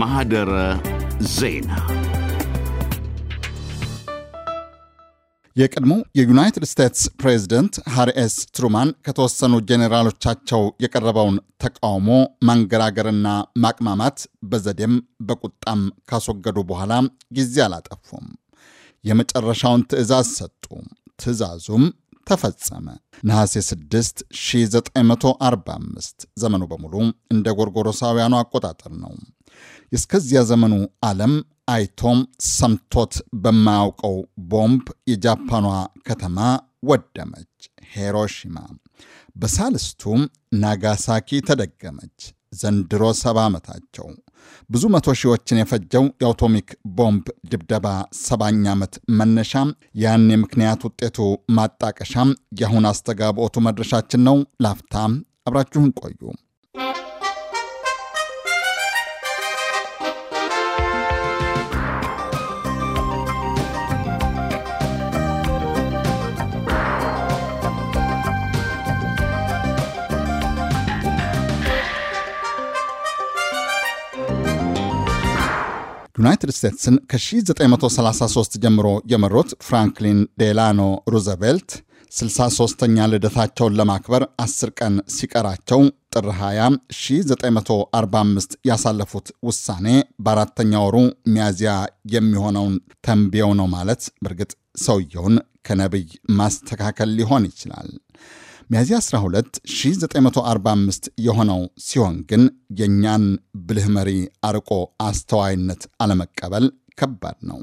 ማህደረ ዜና የቀድሞ የዩናይትድ ስቴትስ ፕሬዚደንት ሃሪ ኤስ ትሩማን ከተወሰኑ ጄኔራሎቻቸው የቀረበውን ተቃውሞ ማንገራገርና ማቅማማት በዘዴም በቁጣም ካስወገዱ በኋላ ጊዜ አላጠፉም። የመጨረሻውን ትዕዛዝ ሰጡ። ትዕዛዙም ተፈጸመ። ነሐሴ 6 1945 ዘመኑ በሙሉ እንደ ጎርጎሮሳውያኑ አቆጣጠር ነው። እስከዚያ ዘመኑ ዓለም አይቶም ሰምቶት በማያውቀው ቦምብ የጃፓኗ ከተማ ወደመች፣ ሄሮሺማ። በሳልስቱም ናጋሳኪ ተደገመች። ዘንድሮ ሰባ ዓመታቸው ብዙ መቶ ሺዎችን የፈጀው የአውቶሚክ ቦምብ ድብደባ ሰባኛ ዓመት መነሻ ያን የምክንያት ውጤቱ ማጣቀሻ የአሁን አስተጋብኦቱ መድረሻችን ነው። ላፍታ አብራችሁን ቆዩ። ዩናይትድ ስቴትስን ከ1933 ጀምሮ የመሩት ፍራንክሊን ዴላኖ ሩዘቬልት 63ኛ ልደታቸውን ለማክበር 10 ቀን ሲቀራቸው ጥር 20 1945 ያሳለፉት ውሳኔ በአራተኛ ወሩ ሚያዚያ የሚሆነውን ተንብየው ነው ማለት በእርግጥ ሰውየውን ከነቢይ ማስተካከል ሊሆን ይችላል። ሚያዚያ 12 1945 የሆነው ሲሆን ግን የእኛን ብልህ መሪ አርቆ አስተዋይነት አለመቀበል ከባድ ነው።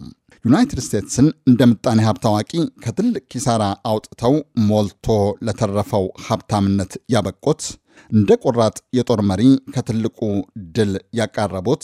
ዩናይትድ ስቴትስን እንደ ምጣኔ ሀብት አዋቂ ከትልቅ ኪሳራ አውጥተው ሞልቶ ለተረፈው ሀብታምነት ያበቁት፣ እንደ ቆራጥ የጦር መሪ ከትልቁ ድል ያቃረቡት፣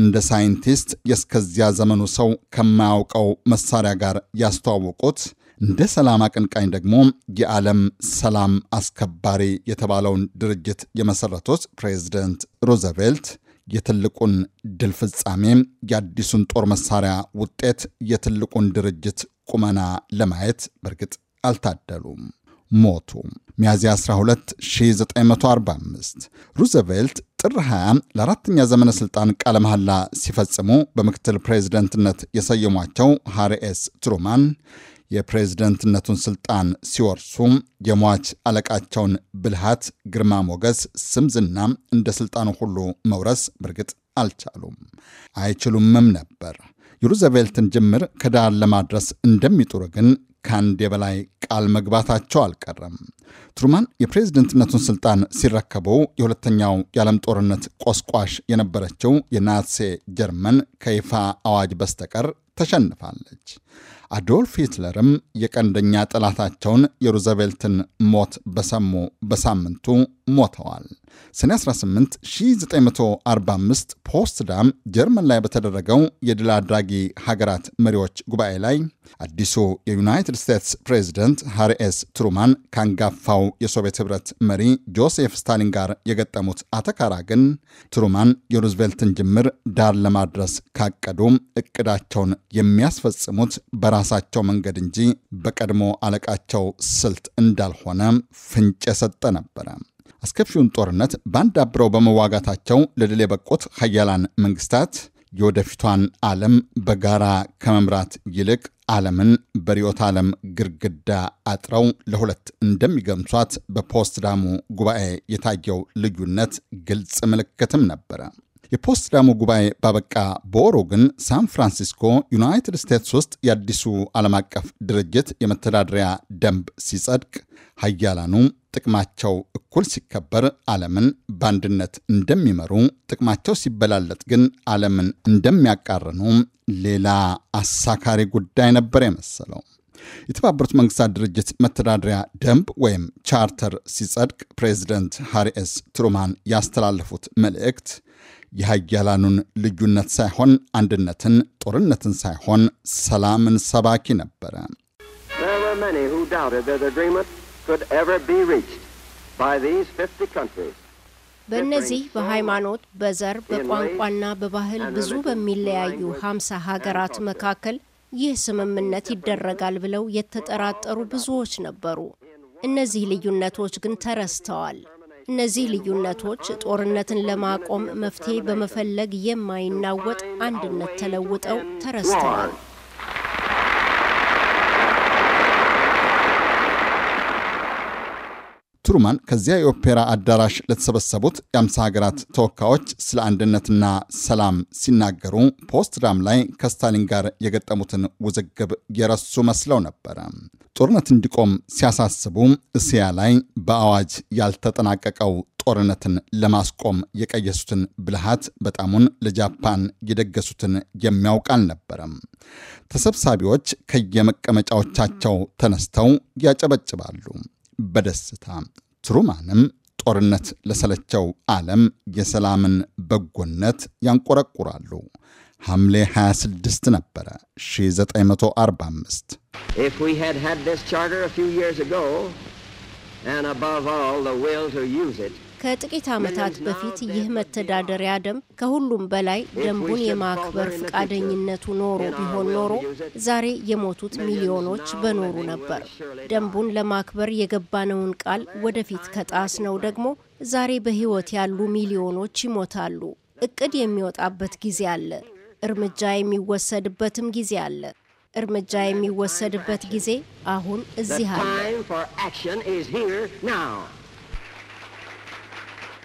እንደ ሳይንቲስት የእስከዚያ ዘመኑ ሰው ከማያውቀው መሳሪያ ጋር ያስተዋወቁት እንደ ሰላም አቀንቃኝ ደግሞ የዓለም ሰላም አስከባሪ የተባለውን ድርጅት የመሰረቱት ፕሬዚደንት ሮዘቬልት የትልቁን ድል ፍጻሜ የአዲሱን ጦር መሳሪያ ውጤት የትልቁን ድርጅት ቁመና ለማየት በእርግጥ አልታደሉም። ሞቱ። ሚያዝያ 12 1945 ሩዘቬልት ጥር 20 ለአራተኛ ዘመነ ሥልጣን ቃለ መሐላ ሲፈጽሙ በምክትል ፕሬዚደንትነት የሰየሟቸው ሃሪ ኤስ ትሩማን የፕሬዝደንትነቱን ስልጣን ሲወርሱ የሟች አለቃቸውን ብልሃት፣ ግርማ ሞገስ፣ ስም ዝና እንደ ስልጣኑ ሁሉ መውረስ በርግጥ አልቻሉም፣ አይችሉምም ነበር። የሩዘቬልትን ጅምር ከዳር ለማድረስ እንደሚጥሩ ግን ከአንድ የበላይ ቃል መግባታቸው አልቀረም። ትሩማን የፕሬዝደንትነቱን ስልጣን ሲረከቡ የሁለተኛው የዓለም ጦርነት ቆስቋሽ የነበረችው የናሴ ጀርመን ከይፋ አዋጅ በስተቀር ተሸንፋለች። አዶልፍ ሂትለርም የቀንደኛ ጠላታቸውን የሩዘቬልትን ሞት በሰሙ በሳምንቱ ሞተዋል። ሰኔ 18 1945 ፖስት ዳም ጀርመን ላይ በተደረገው የድል አድራጊ ሀገራት መሪዎች ጉባኤ ላይ አዲሱ የዩናይትድ ስቴትስ ፕሬዚደንት ሃሪ ኤስ ትሩማን ካንጋፋው የሶቪየት ህብረት መሪ ጆሴፍ ስታሊን ጋር የገጠሙት አተካራ ግን ትሩማን የሩዝቬልትን ጅምር ዳር ለማድረስ ካቀዱ እቅዳቸውን የሚያስፈጽሙት በራሳቸው መንገድ እንጂ በቀድሞ አለቃቸው ስልት እንዳልሆነ ፍንጭ የሰጠ ነበረ። አስከፊውን ጦርነት በአንድ አብረው በመዋጋታቸው ለድል የበቁት ሀያላን መንግስታት የወደፊቷን ዓለም በጋራ ከመምራት ይልቅ ዓለምን በርዕዮተ ዓለም ግድግዳ አጥረው ለሁለት እንደሚገምሷት በፖስትዳሙ ጉባኤ የታየው ልዩነት ግልጽ ምልክትም ነበረ። የፖስትዳሙ ጉባኤ ባበቃ በወሩ ግን ሳን ፍራንሲስኮ ዩናይትድ ስቴትስ ውስጥ የአዲሱ ዓለም አቀፍ ድርጅት የመተዳደሪያ ደንብ ሲጸድቅ ሀያላኑ ጥቅማቸው እኩል ሲከበር ዓለምን በአንድነት እንደሚመሩ፣ ጥቅማቸው ሲበላለጥ ግን ዓለምን እንደሚያቃርኑ ሌላ አሳካሪ ጉዳይ ነበር የመሰለው። የተባበሩት መንግስታት ድርጅት መተዳደሪያ ደንብ ወይም ቻርተር ሲጸድቅ ፕሬዚደንት ሃሪ ኤስ ትሩማን ያስተላለፉት መልእክት የሀያላኑን ልዩነት ሳይሆን አንድነትን፣ ጦርነትን ሳይሆን ሰላምን ሰባኪ ነበረ። በእነዚህ በሃይማኖት፣ በዘር፣ በቋንቋና በባህል ብዙ በሚለያዩ ሀምሳ ሀገራት መካከል ይህ ስምምነት ይደረጋል ብለው የተጠራጠሩ ብዙዎች ነበሩ። እነዚህ ልዩነቶች ግን ተረስተዋል። እነዚህ ልዩነቶች ጦርነትን ለማቆም መፍትሄ በመፈለግ የማይናወጥ አንድነት ተለውጠው ተረስተዋል። ቱሩማን ከዚያ የኦፔራ አዳራሽ ለተሰበሰቡት የአምሳ ሀገራት ተወካዮች ስለ አንድነትና ሰላም ሲናገሩ ፖስትዳም ላይ ከስታሊን ጋር የገጠሙትን ውዝግብ የረሱ መስለው ነበረ። ጦርነት እንዲቆም ሲያሳስቡ እስያ ላይ በአዋጅ ያልተጠናቀቀው ጦርነትን ለማስቆም የቀየሱትን ብልሃት በጣሙን ለጃፓን የደገሱትን የሚያውቅ አልነበረም። ተሰብሳቢዎች ከየመቀመጫዎቻቸው ተነስተው ያጨበጭባሉ በደስታ። ትሩማንም ጦርነት ለሰለቸው ዓለም የሰላምን በጎነት ያንቆረቁራሉ። ሐምሌ 26 ነበረ 1945 ከጥቂት ዓመታት በፊት ይህ መተዳደሪያ ደንብ ከሁሉም በላይ ደንቡን የማክበር ፈቃደኝነቱ ኖሮ ቢሆን ኖሮ ዛሬ የሞቱት ሚሊዮኖች በኖሩ ነበር። ደንቡን ለማክበር የገባነውን ቃል ወደፊት ከጣስ ነው ደግሞ ዛሬ በሕይወት ያሉ ሚሊዮኖች ይሞታሉ። እቅድ የሚወጣበት ጊዜ አለ። እርምጃ የሚወሰድበትም ጊዜ አለ። እርምጃ የሚወሰድበት ጊዜ አሁን እዚህ አለ።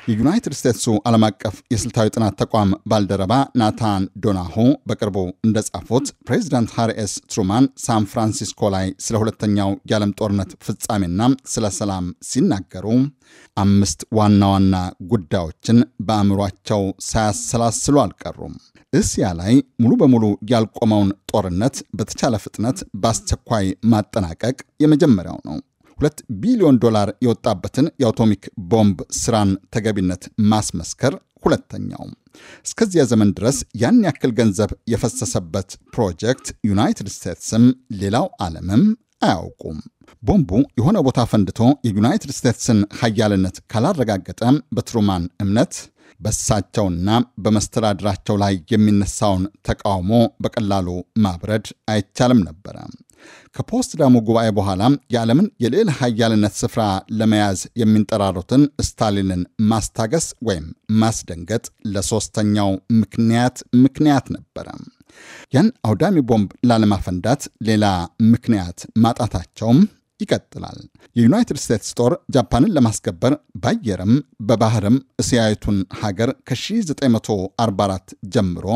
የዩናይትድ ስቴትሱ ዓለም አቀፍ የስልታዊ ጥናት ተቋም ባልደረባ ናታን ዶናሆ በቅርቡ እንደጻፉት ፕሬዚዳንት ሃሪ ኤስ ትሩማን ሳን ፍራንሲስኮ ላይ ስለ ሁለተኛው የዓለም ጦርነት ፍጻሜና ስለ ሰላም ሲናገሩ አምስት ዋና ዋና ጉዳዮችን በአእምሯቸው ሳያሰላስሉ አልቀሩም። እስያ ላይ ሙሉ በሙሉ ያልቆመውን ጦርነት በተቻለ ፍጥነት በአስቸኳይ ማጠናቀቅ የመጀመሪያው ነው። ሁለት ቢሊዮን ዶላር የወጣበትን የአቶሚክ ቦምብ ስራን ተገቢነት ማስመስከር ሁለተኛው። እስከዚያ ዘመን ድረስ ያን ያክል ገንዘብ የፈሰሰበት ፕሮጀክት ዩናይትድ ስቴትስም ሌላው ዓለምም አያውቁም። ቦምቡ የሆነ ቦታ ፈንድቶ የዩናይትድ ስቴትስን ሀያልነት ካላረጋገጠ በትሩማን እምነት በሳቸውና በመስተዳድራቸው ላይ የሚነሳውን ተቃውሞ በቀላሉ ማብረድ አይቻልም ነበረ። ከፖስዳሙ ጉባኤ በኋላ የዓለምን የልዕል ሀያልነት ስፍራ ለመያዝ የሚንጠራሩትን ስታሊንን ማስታገስ ወይም ማስደንገጥ ለሶስተኛው ምክንያት ምክንያት ነበረ። ያን አውዳሚ ቦምብ ላለማፈንዳት ሌላ ምክንያት ማጣታቸውም ይቀጥላል። የዩናይትድ ስቴትስ ጦር ጃፓንን ለማስከበር በአየርም በባህርም እስያዊቱን ሀገር ከ1944 ጀምሮ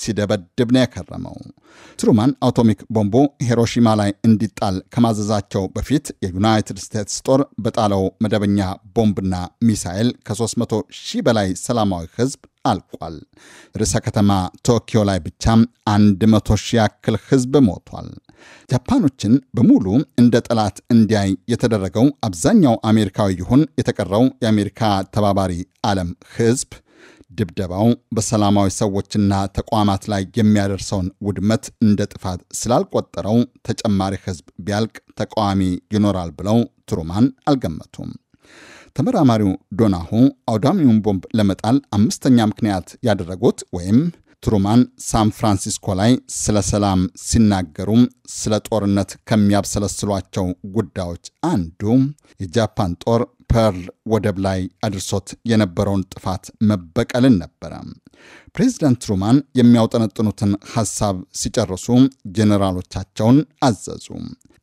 ሲደበድብ ነው የከረመው። ትሩማን አቶሚክ ቦምቡ ሂሮሺማ ላይ እንዲጣል ከማዘዛቸው በፊት የዩናይትድ ስቴትስ ጦር በጣለው መደበኛ ቦምብና ሚሳኤል ከ300 ሺህ በላይ ሰላማዊ ህዝብ ። አልቋል። ርዕሰ ከተማ ቶኪዮ ላይ ብቻ አንድ መቶ ሺህ ያክል ሕዝብ ሞቷል። ጃፓኖችን በሙሉ እንደ ጠላት እንዲያይ የተደረገው አብዛኛው አሜሪካዊ ይሁን የተቀረው የአሜሪካ ተባባሪ ዓለም ህዝብ ድብደባው በሰላማዊ ሰዎችና ተቋማት ላይ የሚያደርሰውን ውድመት እንደ ጥፋት ስላልቆጠረው ተጨማሪ ሕዝብ ቢያልቅ ተቃዋሚ ይኖራል ብለው ትሩማን አልገመቱም። ተመራማሪው ዶናሁ አውዳሚውን ቦምብ ለመጣል አምስተኛ ምክንያት ያደረጉት ወይም ትሩማን ሳን ፍራንሲስኮ ላይ ስለ ሰላም ሲናገሩም ስለ ጦርነት ከሚያብሰለስሏቸው ጉዳዮች አንዱ የጃፓን ጦር ፐርል ወደብ ላይ አድርሶት የነበረውን ጥፋት መበቀልን ነበረ። ፕሬዚደንት ትሩማን የሚያውጠነጥኑትን ሐሳብ ሲጨርሱ ጄኔራሎቻቸውን አዘዙ።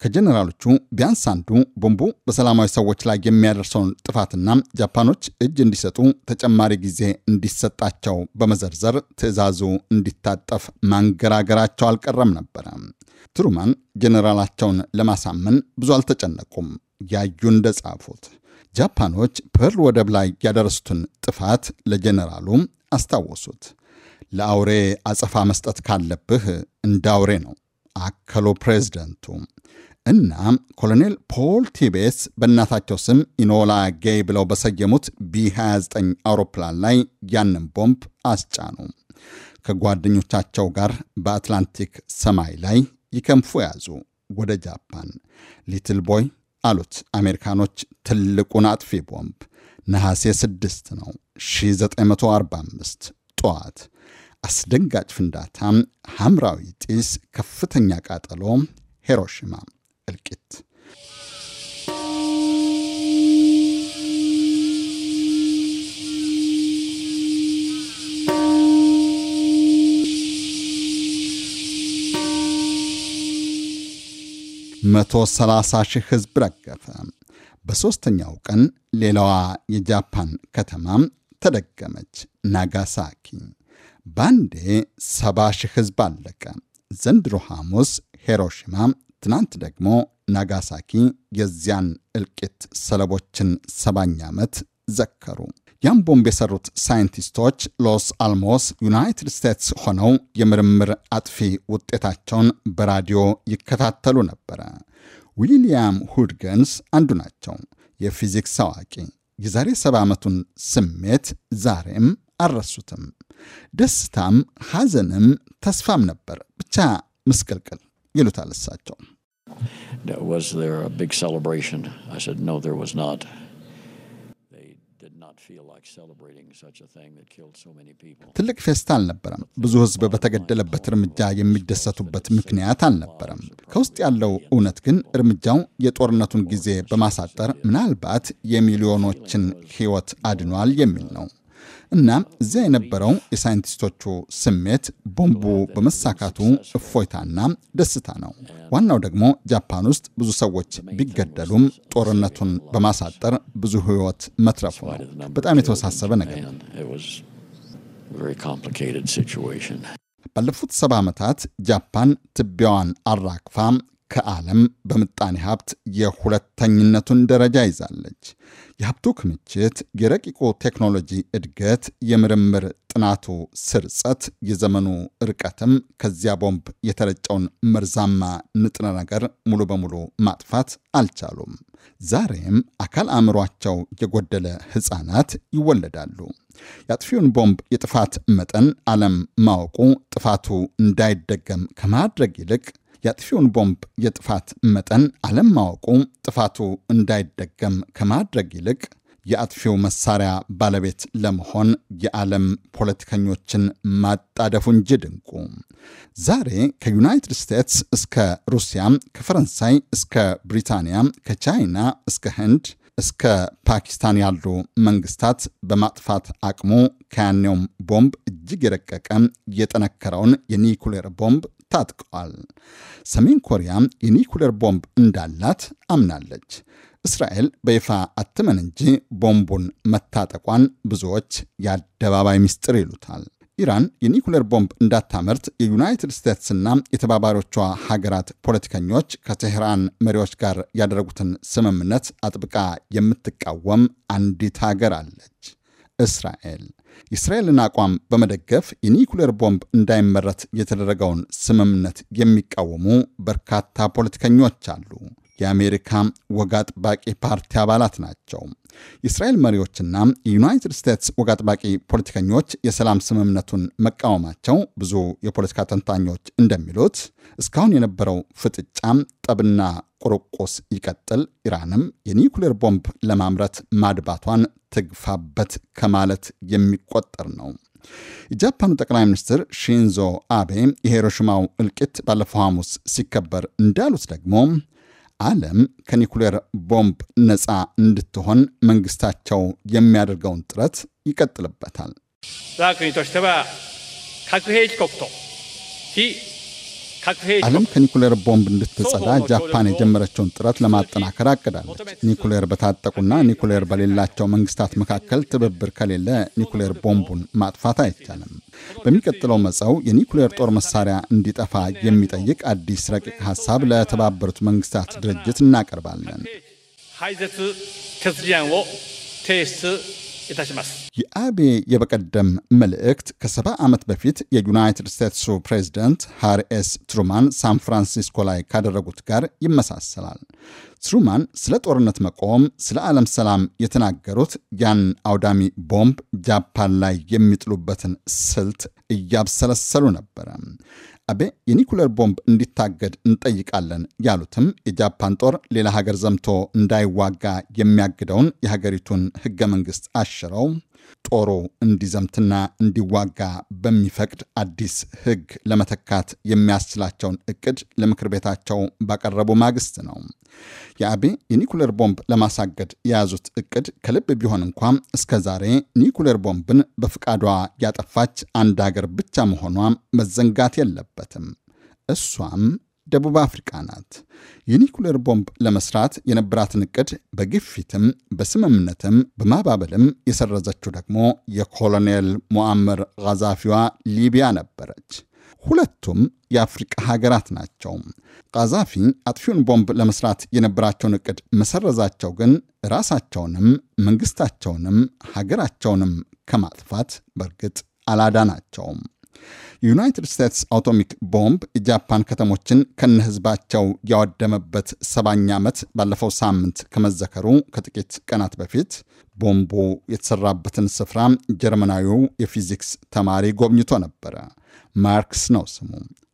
ከጀኔራሎቹ ቢያንስ አንዱ ቦምቡ በሰላማዊ ሰዎች ላይ የሚያደርሰውን ጥፋትና ጃፓኖች እጅ እንዲሰጡ ተጨማሪ ጊዜ እንዲሰጣቸው በመዘርዘር ትዕዛዙ እንዲታጠፍ ማንገራገራቸው አልቀረም ነበረ። ትሩማን ጀኔራላቸውን ለማሳመን ብዙ አልተጨነቁም። ያዩ እንደጻፉት ጃፓኖች ፐርል ወደብ ላይ ያደረሱትን ጥፋት ለጀኔራሉ አስታወሱት። ለአውሬ አጸፋ መስጠት ካለብህ እንደ አውሬ ነው አከሎ ፕሬዝደንቱ እና ኮሎኔል ፖል ቲቤስ በእናታቸው ስም ኢኖላ ጌይ ብለው በሰየሙት ቢ29 አውሮፕላን ላይ ያንን ቦምብ አስጫኑ። ከጓደኞቻቸው ጋር በአትላንቲክ ሰማይ ላይ ይከንፉ ያዙ ወደ ጃፓን። ሊትል ቦይ አሉት አሜሪካኖች ትልቁን አጥፊ ቦምብ። ነሐሴ 6 ነው 1945 ጠዋት። አስደንጋጭ ፍንዳታ ሐምራዊ ጢስ፣ ከፍተኛ ቃጠሎ፣ ሄሮሽማ። እልቂት መቶ ሰላሳ ሺህ ህዝብ ረገፈ። በሦስተኛው ቀን ሌላዋ የጃፓን ከተማም ተደገመች፣ ናጋሳኪ። በአንዴ ሰባ ሺህ ህዝብ አለቀ። ዘንድሮ ሐሙስ ሄሮሽማ ትናንት ደግሞ ናጋሳኪ የዚያን እልቂት ሰለቦችን ሰባኝ ዓመት ዘከሩ። ያም ቦምብ የሰሩት ሳይንቲስቶች ሎስ አልሞስ ዩናይትድ ስቴትስ ሆነው የምርምር አጥፊ ውጤታቸውን በራዲዮ ይከታተሉ ነበረ። ዊሊያም ሁድገንስ አንዱ ናቸው። የፊዚክስ አዋቂ የዛሬ ሰባ ዓመቱን ስሜት ዛሬም አልረሱትም። ደስታም ሐዘንም ተስፋም ነበር፣ ብቻ ምስቅልቅል ይሉታል እሳቸው። ትልቅ ፌስታ አልነበረም። ብዙ ሕዝብ በተገደለበት እርምጃ የሚደሰቱበት ምክንያት አልነበረም። ከውስጥ ያለው እውነት ግን እርምጃው የጦርነቱን ጊዜ በማሳጠር ምናልባት የሚሊዮኖችን ሕይወት አድኗል የሚል ነው። እናም እዚያ የነበረው የሳይንቲስቶቹ ስሜት ቦምቡ በመሳካቱ እፎይታና ደስታ ነው። ዋናው ደግሞ ጃፓን ውስጥ ብዙ ሰዎች ቢገደሉም ጦርነቱን በማሳጠር ብዙ ሕይወት መትረፉ ነው። በጣም የተወሳሰበ ነገር ነው። ባለፉት ሰባ ዓመታት ጃፓን ትቢያዋን አራግፋ ከዓለም በምጣኔ ሀብት የሁለተኝነቱን ደረጃ ይዛለች። የሀብቱ ክምችት፣ የረቂቁ ቴክኖሎጂ እድገት፣ የምርምር ጥናቱ ስርጸት፣ የዘመኑ ርቀትም ከዚያ ቦምብ የተረጨውን መርዛማ ንጥረ ነገር ሙሉ በሙሉ ማጥፋት አልቻሉም። ዛሬም አካል አእምሯቸው የጎደለ ሕፃናት ይወለዳሉ። የአጥፊውን ቦምብ የጥፋት መጠን ዓለም ማወቁ ጥፋቱ እንዳይደገም ከማድረግ ይልቅ የአጥፊውን ቦምብ የጥፋት መጠን አለማወቁ ጥፋቱ እንዳይደገም ከማድረግ ይልቅ የአጥፊው መሳሪያ ባለቤት ለመሆን የዓለም ፖለቲከኞችን ማጣደፉ እንጂ ድንቁ ዛሬ ከዩናይትድ ስቴትስ እስከ ሩሲያ፣ ከፈረንሳይ እስከ ብሪታንያ፣ ከቻይና እስከ ህንድ እስከ ፓኪስታን ያሉ መንግስታት በማጥፋት አቅሙ ከያኔውም ቦምብ እጅግ የረቀቀ የጠነከረውን የኒኩሌር ቦምብ ታጥቀዋል። ሰሜን ኮሪያ የኒኩሌር ቦምብ እንዳላት አምናለች። እስራኤል በይፋ አትመን እንጂ ቦምቡን መታጠቋን ብዙዎች የአደባባይ ምስጢር ይሉታል። ኢራን የኒኩሌር ቦምብ እንዳታመርት የዩናይትድ ስቴትስና የተባባሪዎቿ ሀገራት ፖለቲከኞች ከቴህራን መሪዎች ጋር ያደረጉትን ስምምነት አጥብቃ የምትቃወም አንዲት ሀገር አለች። እስራኤል የእስራኤልን አቋም በመደገፍ የኒኩሌር ቦምብ እንዳይመረት የተደረገውን ስምምነት የሚቃወሙ በርካታ ፖለቲከኞች አሉ። የአሜሪካ ወግ አጥባቂ ፓርቲ አባላት ናቸው። የእስራኤል መሪዎችና የዩናይትድ ስቴትስ ወግ አጥባቂ ፖለቲከኞች የሰላም ስምምነቱን መቃወማቸው ብዙ የፖለቲካ ተንታኞች እንደሚሉት እስካሁን የነበረው ፍጥጫ ጠብና ቁርቁስ ይቀጥል፣ ኢራንም የኒውክሌር ቦምብ ለማምረት ማድባቷን ትግፋበት ከማለት የሚቆጠር ነው። የጃፓኑ ጠቅላይ ሚኒስትር ሺንዞ አቤ የሂሮሽማው እልቂት ባለፈው ሐሙስ ሲከበር እንዳሉት ደግሞ ዓለም ከኒኩሌር ቦምብ ነፃ እንድትሆን መንግስታቸው የሚያደርገውን ጥረት ይቀጥልበታል። ዓለም ከኒኩሌር ቦምብ እንድትጸዳ ጃፓን የጀመረችውን ጥረት ለማጠናከር አቅዳለች። ኒኩሌር በታጠቁና ኒኩሌር በሌላቸው መንግስታት መካከል ትብብር ከሌለ ኒኩሌር ቦምቡን ማጥፋት አይቻልም። በሚቀጥለው መጸው የኒኩሌር ጦር መሳሪያ እንዲጠፋ የሚጠይቅ አዲስ ረቂቅ ሀሳብ ለተባበሩት መንግስታት ድርጅት እናቀርባለን። የአቤ የበቀደም መልእክት ከሰባ ዓመት በፊት የዩናይትድ ስቴትሱ ፕሬዚደንት ሃሪ ኤስ ትሩማን ሳን ፍራንሲስኮ ላይ ካደረጉት ጋር ይመሳሰላል። ትሩማን ስለ ጦርነት መቆም፣ ስለ ዓለም ሰላም የተናገሩት ያን አውዳሚ ቦምብ ጃፓን ላይ የሚጥሉበትን ስልት እያብሰለሰሉ ነበረ። አቤ የኒኩለር ቦምብ እንዲታገድ እንጠይቃለን ያሉትም የጃፓን ጦር ሌላ ሀገር ዘምቶ እንዳይዋጋ የሚያግደውን የሀገሪቱን ሕገ መንግሥት አሽረው ጦሩ እንዲዘምትና እንዲዋጋ በሚፈቅድ አዲስ ህግ ለመተካት የሚያስችላቸውን እቅድ ለምክር ቤታቸው ባቀረቡ ማግስት ነው። የአቤ የኒኩሌር ቦምብ ለማሳገድ የያዙት እቅድ ከልብ ቢሆን እንኳ እስከ ዛሬ ኒኩሌር ቦምብን በፍቃዷ ያጠፋች አንድ ሀገር ብቻ መሆኗ መዘንጋት የለበትም። እሷም ደቡብ አፍሪካ ናት። የኒኩሌር ቦምብ ለመስራት የነበራትን እቅድ በግፊትም በስምምነትም በማባበልም የሰረዘችው ደግሞ የኮሎኔል ሞአመር ጋዛፊዋ ሊቢያ ነበረች። ሁለቱም የአፍሪቃ ሀገራት ናቸው። ቃዛፊ አጥፊውን ቦምብ ለመስራት የነበራቸውን እቅድ መሰረዛቸው ግን ራሳቸውንም መንግስታቸውንም ሀገራቸውንም ከማጥፋት በእርግጥ አላዳናቸውም። የዩናይትድ ስቴትስ አቶሚክ ቦምብ የጃፓን ከተሞችን ከነህዝባቸው ያወደመበት ሰባኛ ዓመት ባለፈው ሳምንት ከመዘከሩ ከጥቂት ቀናት በፊት ቦምቡ የተሰራበትን ስፍራ ጀርመናዊው የፊዚክስ ተማሪ ጎብኝቶ ነበረ። ማርክስ ነው ስሙ።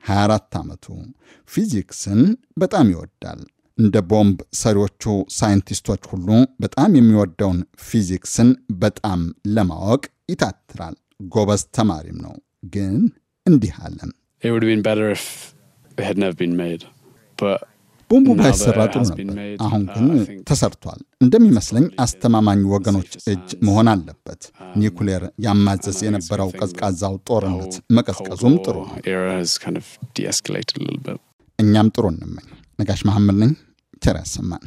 24 ዓመቱ ፊዚክስን በጣም ይወዳል። እንደ ቦምብ ሰሪዎቹ ሳይንቲስቶች ሁሉ በጣም የሚወደውን ፊዚክስን በጣም ለማወቅ ይታትራል። ጎበዝ ተማሪም ነው። ግን እንዲህ አለን። ቦምቡ ባይሰራ ጥሩ ነበር። አሁን uh, ግን ተሰርቷል። እንደሚመስለኝ አስተማማኝ ወገኖች እጅ መሆን አለበት። ኒኩሌር ያማዘዝ የነበረው ቀዝቃዛው ጦርነት መቀዝቀዙም ጥሩ ነው። እኛም ጥሩ እንመኝ። ነጋሽ መሐመድ ነኝ። ቸር ያሰማን።